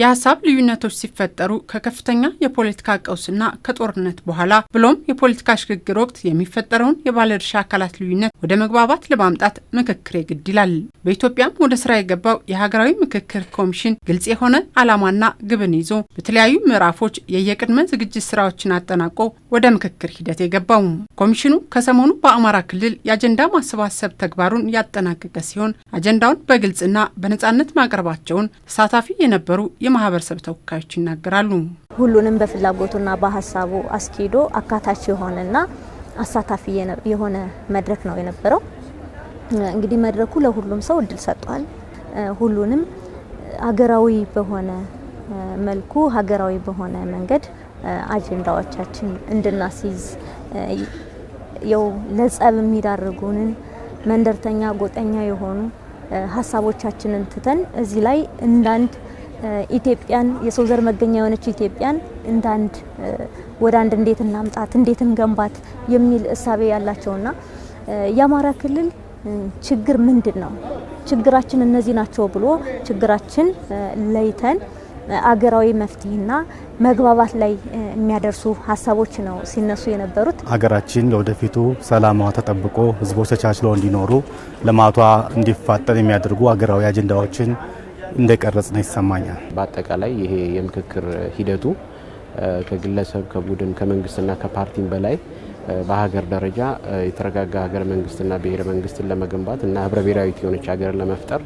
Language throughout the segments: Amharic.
የሀሳብ ልዩነቶች ሲፈጠሩ ከከፍተኛ የፖለቲካ ቀውስና ከጦርነት በኋላ ብሎም የፖለቲካ ሽግግር ወቅት የሚፈጠረውን የባለድርሻ አካላት ልዩነት ወደ መግባባት ለማምጣት ምክክር የግድ ይላል። በኢትዮጵያም ወደ ስራ የገባው የሀገራዊ ምክክር ኮሚሽን ግልጽ የሆነ ዓላማና ግብን ይዞ በተለያዩ ምዕራፎች የየቅድመ ዝግጅት ስራዎችን አጠናቆ ወደ ምክክር ሂደት የገባው ኮሚሽኑ ከሰሞኑ በአማራ ክልል የአጀንዳ ማሰባሰብ ተግባሩን ያጠናቀቀ ሲሆን አጀንዳውን በግልጽና በነፃነት ማቅረባቸውን ተሳታፊ የነበሩ የማህበረሰብ ተወካዮች ይናገራሉ። ሁሉንም በፍላጎቱና በሀሳቡ አስኪዶ አካታች የሆነና አሳታፊ የሆነ መድረክ ነው የነበረው። እንግዲህ መድረኩ ለሁሉም ሰው እድል ሰጥቷል። ሁሉንም ሀገራዊ በሆነ መልኩ ሀገራዊ በሆነ መንገድ አጀንዳዎቻችን እንድናስይዝ የው ለጸብ የሚዳርጉንን መንደርተኛ ጎጠኛ የሆኑ ሀሳቦቻችንን ትተን እዚህ ላይ እንዳንድ ኢትዮጵያን የሰው ዘር መገኛ የሆነች ኢትዮጵያን እንደ አንድ ወደ አንድ እንዴት እናምጣት እንዴት እንገንባት የሚል እሳቤ ያላቸውና የአማራ ክልል ችግር ምንድን ነው? ችግራችን እነዚህ ናቸው ብሎ ችግራችን ለይተን አገራዊ መፍትሄና መግባባት ላይ የሚያደርሱ ሀሳቦች ነው ሲነሱ የነበሩት። አገራችን ለወደፊቱ ሰላሟ ተጠብቆ ህዝቦች ተቻችለው እንዲኖሩ ልማቷ እንዲፋጠን የሚያደርጉ አገራዊ አጀንዳዎችን እንደቀረጽ ነው ይሰማኛል። በአጠቃላይ ይሄ የምክክር ሂደቱ ከግለሰብ ከቡድን ከመንግስትና ከፓርቲም በላይ በሀገር ደረጃ የተረጋጋ ሀገር መንግስትና ብሔረ መንግስትን ለመገንባት እና ህብረ ብሔራዊት የሆነች ሀገርን ለመፍጠር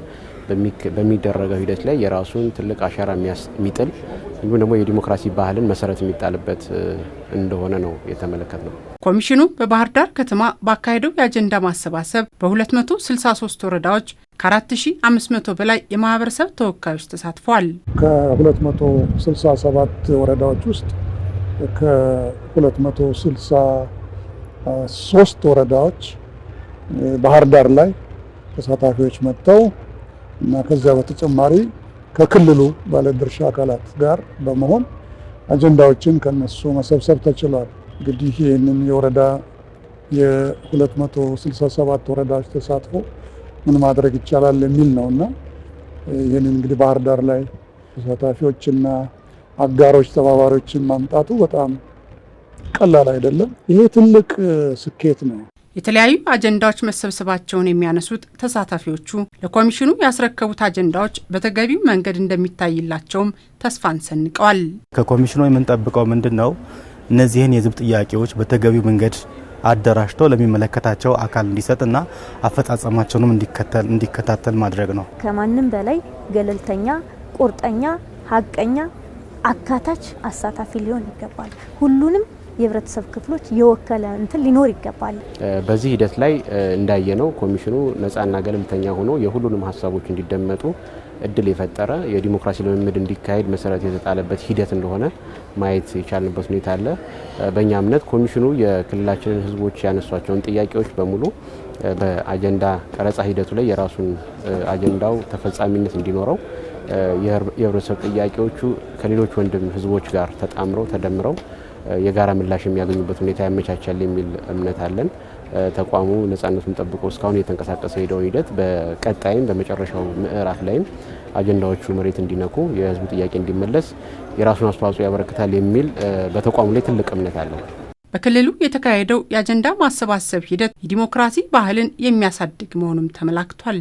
በሚደረገው ሂደት ላይ የራሱን ትልቅ አሻራ የሚጥል እንዲሁም ደግሞ የዲሞክራሲ ባህልን መሰረት የሚጣልበት እንደሆነ ነው የተመለከት ነው። ኮሚሽኑ በባህር ዳር ከተማ ባካሄደው የአጀንዳ ማሰባሰብ በ263 ወረዳዎች ከ መቶ በላይ የማህበረሰብ ተወካዮች ተሳትፈዋል። ከ267 ወረዳዎች ውስጥ ከ263 ወረዳዎች ባህር ዳር ላይ ተሳታፊዎች መጥተው እና ከዚያ በተጨማሪ ከክልሉ ባለድርሻ አካላት ጋር በመሆን አጀንዳዎችን ከነሱ መሰብሰብ ተችሏል። እንግዲህ ይህንን የወረዳ የ267 ወረዳዎች ተሳትፎ ምን ማድረግ ይቻላል የሚል ነው እና እንግዲህ ባህር ዳር ላይ ተሳታፊዎችና አጋሮች ተባባሪዎችን ማምጣቱ በጣም ቀላል አይደለም። ይሄ ትልቅ ስኬት ነው። የተለያዩ አጀንዳዎች መሰብሰባቸውን የሚያነሱት ተሳታፊዎቹ ለኮሚሽኑ ያስረከቡት አጀንዳዎች በተገቢው መንገድ እንደሚታይላቸውም ተስፋን ሰንቀዋል። ከኮሚሽኑ የምንጠብቀው ምንድን ነው? እነዚህን የህዝብ ጥያቄዎች በተገቢው መንገድ አደራጅቶ ለሚመለከታቸው አካል እንዲሰጥና አፈጻጸማቸውንም እንዲከታተል ማድረግ ነው። ከማንም በላይ ገለልተኛ፣ ቁርጠኛ፣ ሀቀኛ፣ አካታች፣ አሳታፊ ሊሆን ይገባል ሁሉንም የህብረተሰብ ክፍሎች የወከለ እንትን ሊኖር ይገባል። በዚህ ሂደት ላይ እንዳየ ነው ኮሚሽኑ ነጻና ገለልተኛ ሆኖ የሁሉንም ሀሳቦች እንዲደመጡ እድል የፈጠረ የዲሞክራሲ ልምምድ እንዲካሄድ መሰረት የተጣለበት ሂደት እንደሆነ ማየት የቻልንበት ሁኔታ አለ። በእኛ እምነት ኮሚሽኑ የክልላችንን ህዝቦች ያነሷቸውን ጥያቄዎች በሙሉ በአጀንዳ ቀረጻ ሂደቱ ላይ የራሱን አጀንዳው ተፈጻሚነት እንዲኖረው የህብረተሰብ ጥያቄዎቹ ከሌሎች ወንድም ህዝቦች ጋር ተጣምረው ተደምረው የጋራ ምላሽ የሚያገኙበት ሁኔታ ያመቻቻል የሚል እምነት አለን። ተቋሙ ነጻነቱን ጠብቆ እስካሁን የተንቀሳቀሰ ሄደው ሂደት በቀጣይም በመጨረሻው ምዕራፍ ላይም አጀንዳዎቹ መሬት እንዲነኩ የህዝቡ ጥያቄ እንዲመለስ የራሱን አስተዋጽኦ ያበረክታል የሚል በተቋሙ ላይ ትልቅ እምነት አለው። በክልሉ የተካሄደው የአጀንዳ ማሰባሰብ ሂደት የዲሞክራሲ ባህልን የሚያሳድግ መሆኑም ተመላክቷል።